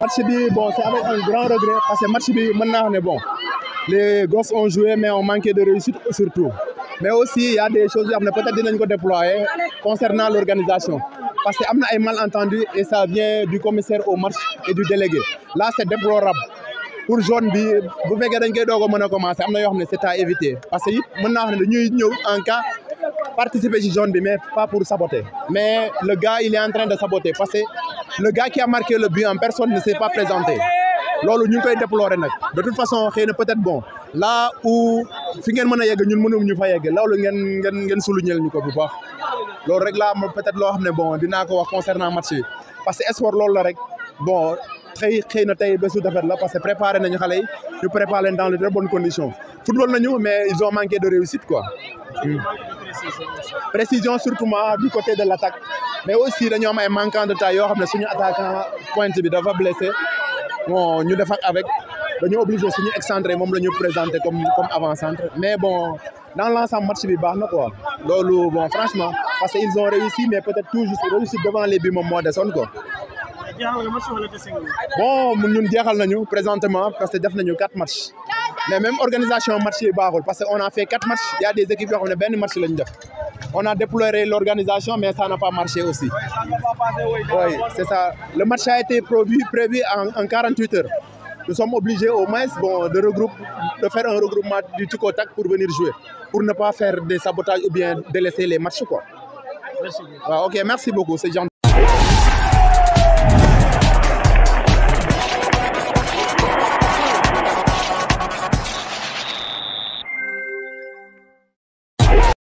match bi bon c'est avec un grand regret parce que match bi bon les gosses ont joué mais ont manqué de réussite surtout mais aussi il y a des choses qui ont peut-être dinañ ko déployer concernant l'organisation parce que y a ay malentendus et ça vient du commissaire au match et du délégué là c'est déplorable pour zone bi bu pouvez dañ koy dogo a commencer c'est à éviter parce que maintenant, on naa un en cas participer à zone bi mais pas pour saboter mais le gars il est en train de saboter parce que le gars qui a marqué le but en personne ne s'est pas présenté. loolu ñu ngi koy déplorer nag de toute façon rien peut-être bon là où fi ngeen mën a yegg ñun mënuñu fa yegg loolu ngeen ngeen C'est souligner ñu ko bu baax loolu rek peut-être loo n'est bon dinaa ko wax concernant match parce que sport loolu la rek bon très, xëy na besoin de defet la parce que préparé nañu xale yi ñu préparé dans de très bonnes conditions football nañu mais ils ont manqué de réussite quoi hmm. précision surtout du côté de l'attaque mais aussi y am ay manquant de taille yo xamné suñu attaquant pointe bi dafa blessé bon ñu def ak avec dañu obligé suñu excentré mom lañu présenter nous comme comme avant centre mais bon dans l'ensemble, le match bi baax quoi bon franchement parce qu'ils ont réussi mais peut être toujours réussi devant les buts mom mo desoon quoi. bon ñun jeexal nañu présentement parce que def nañu quatre matchs mais même organisation match est parce qu'on a fait quatre matchs Il y a des équipes qui ont bien benn match on a déploré l'organisation, mais ça n'a pas marché aussi. c'est ça. Le match a été prévu, prévu en, 48 heures. Nous sommes obligés au moins de, de faire un regroupement du tout pour venir jouer, pour ne pas faire des sabotages ou bien délaisser les matchs. Quoi. Merci. ok, merci beaucoup, c'est gentil.